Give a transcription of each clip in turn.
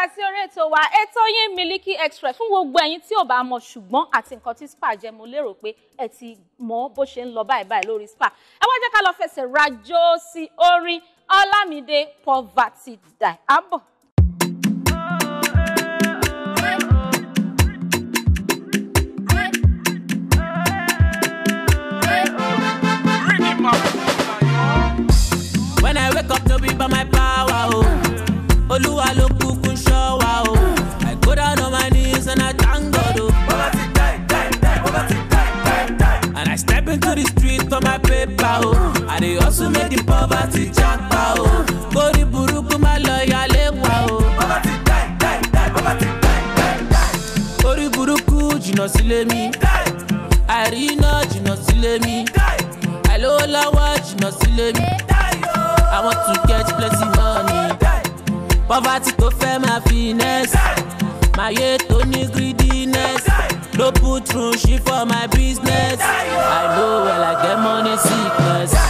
padà sí orí ètò wa ètò yín Miliki Express fún gbogbo ẹ̀yin tí ò bá mọ̀ ṣùgbọ́n àti nǹkan tí spa jẹ́ mo lérò pé ẹ ti mọ̀ bó ṣe ń lọ báyìí báyìí lórí spa ẹ wá jẹ́ ká lọ fẹsẹ̀ rajó sí orin Ọlámídé Poverty Die àbọ̀. di poverty japa o kórí burúkú má lọ yálé wa o. poverty die die die poverty die die die. orí burúkú jìnnà sílé mi àríná jìnnà sílé mi àìlówó lọ́wọ́ jìnnà sílé mi oh. I want to get plenty money poverty tó fẹ́ máa finesse máyé tó ní greediness. No put true shit for my business. Oh. I know well I get money sickness.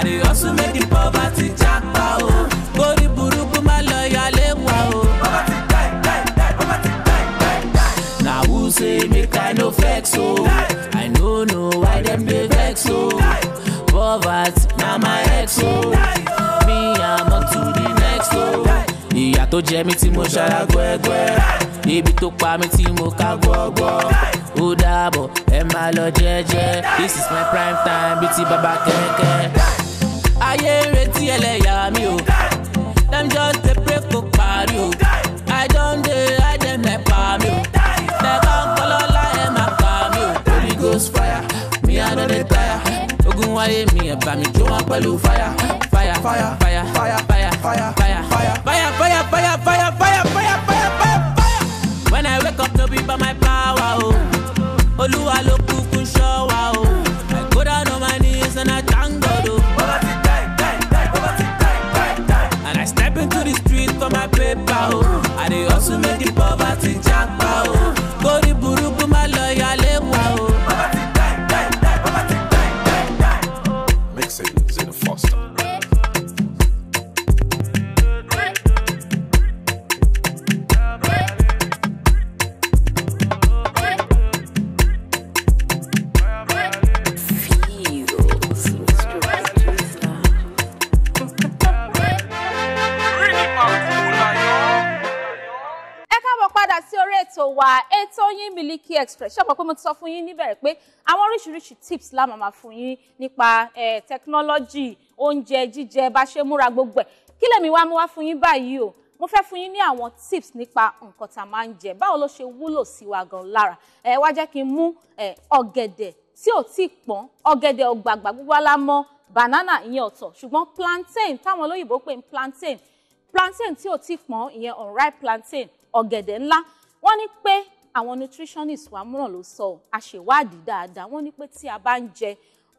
I dey also make the poverty japa o. Kórí burúkú má lọ yálé wa o. Poverty die die die poverty die die die. Na who say make I no flex o? I no know why dem dey vex o. Poverty na my ex o. Me I'm on to the next o. Ìyà tó jẹ mí tí mo ṣara gbẹ́gbẹ́. Ibi tó pa mí tí mo ká gbọ́gbọ́ ó dàbọ̀ ẹ máa lọ jẹ́jẹ́ this is my prime time bíi ti bàbá kẹ́kẹ́ ayé ń retí ẹlẹ́yà mi o dem just dey pray for parí o i don dey hide dem like mi o nẹ̀ka ń kọ́ lọ́la ẹ̀ máa pa mi o holy ghost fire mi i no dey tire ogun wáyé mi ẹ̀ bá mi jó wọn pẹ̀lú fire fire fire fire fire. wa ètò yín Miliki Express ṣé o mọ̀ pé mo ti sọ fún yín níbẹ̀rẹ̀ pé àwọn oríṣiríṣi tips la máa máa fún yín nípa technology oúnjẹ jíjẹ bá ṣe múra gbogbo ẹ̀ kí lèmi wá mú wá fún yín báyìí o mo fẹ́ fún yín ní àwọn tips nípa nǹkan tá a máa ń jẹ báwo ló ṣe wúlò sí wa gan lára ẹ wá jẹ́ kí n mú ọ̀gẹ̀dẹ̀ tí ò tí pọ́n ọ̀gẹ̀dẹ̀ ọ̀gbàgbà gbogbo alámọ́ banana ìyẹn ọ̀tọ̀ ṣùgbọ́n plantain táwọn olóyìnbó pè ní plantain plantain tí ò tí pọ́n ìyẹn unripe plantain ọ̀gẹ̀dẹ̀ ńlá wọ́n ní pé àwọn nutritionist wa múràn ló sọ àṣèwádìí dáadáa wọ́n ní pé tí a bá ń jẹ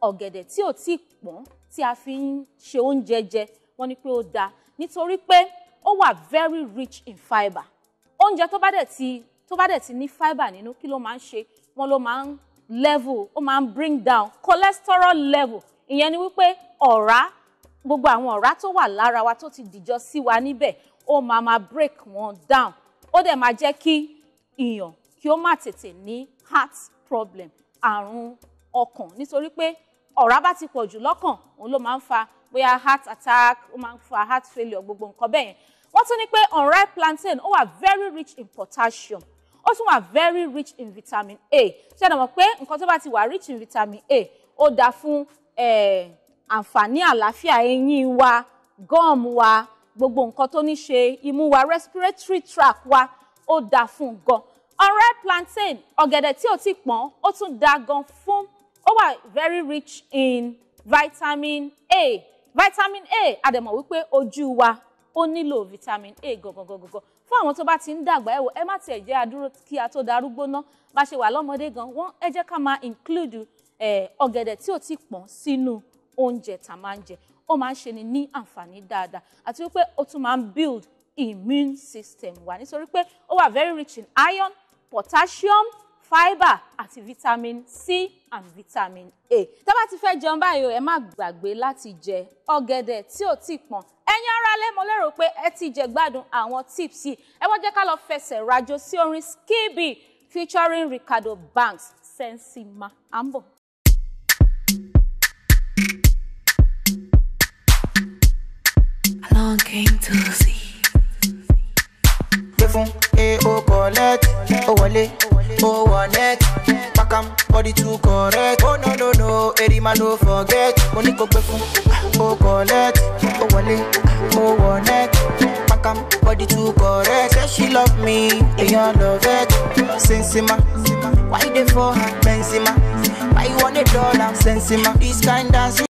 ọ̀gẹ̀dẹ̀ tí ò tí ì pọ́n tí a fi ń ṣe oúnjẹ jẹ wọ́n ní pé ó dáa nítorí pé ó wà very rich in fibre oúnjẹ tó bá dẹ̀ ti tó bá dẹ̀ ti ní fibre nínú kí ló máa ń ṣe wọ́n ló máa ń level ó máa ń bring down cholesterol level ìyẹn ni wípé ọ̀rá gbogbo àwọn ọ̀rá tó wà lára wa tó ti dìjọ sí wa níbẹ̀ ó máa máa break wọn down ó dẹ̀ máa jẹ́ kí ìyàn kí ó má tètè ní heart problem àrùn ọkàn nítorí pé ọ̀rá bá ti pọ̀ jù lọ́kàn òun ló máa ń fa bóyá heart attack ó máa ń fa heart failure gbogbo nǹkan bẹ́ẹ̀ yẹn wọ́n tún ní pé unripe plantain ó wà very rich in potassium ó tún wà very rich in vitamin A ṣé ẹ mọ̀ pé nǹkan tó bá ti wà rich in vitamin A ó dáa fún àǹfààní àlàáfíà eyín wa gum wa gbogbo nǹkan tó ní ṣe imú wa respiratory tract wa ó dáa fún gan ọ̀rẹ́ plantain ọ̀gẹ̀dẹ̀ tí ò ti pọ́n ó tún da gan fún ó wà very rich in vitamin A vitamin A àdẹ̀mọ̀ wípé ojú wa ó nílò vitamin A gangan fún àwọn tó bá ti ń dàgbà ẹ wò ẹ má tiẹ̀ jẹ́ adúró kí a tó darúgbó ná bá ṣe wà lọ́mọdé gan wọ́n ẹ jẹ́ ká máa include ọ̀gẹ̀dẹ̀ tí ò ti pọ́n sínú oúnjẹ tá máa ń jẹ ó máa ń ṣe ni ní àǹfààní dáadáa àti wípé ó tún máa ń build immune system wa nítorí pé ó wà very rich in iron potassium fiber àti vitamin c and vitamin a tá bá ti fẹ́ jẹun báyìí o ẹ má gbàgbé láti jẹ ọ̀gẹ̀dẹ̀ tí ò tí pọ́n ẹ̀yin aráalé mo lérò pé ẹ ti jẹ gbádùn àwọn tips yìí ẹ wọ́n jẹ́ ká lọ fẹsẹ̀ rajò sí orin skibi featuring Ricardo Banks sensima ambo. Along came to see. Defun, eh, oh, Colette. Owole, oh one neck, pack am, body too correct. Oh no no no, Erima no forget. Money go back oh, ah, oh collect. Owole, oh one neck, pack am, body too correct. Say she love me, eyan love it. Sensima, why they for her? Benzema, why you want a dollar? Sensima, this kind dance.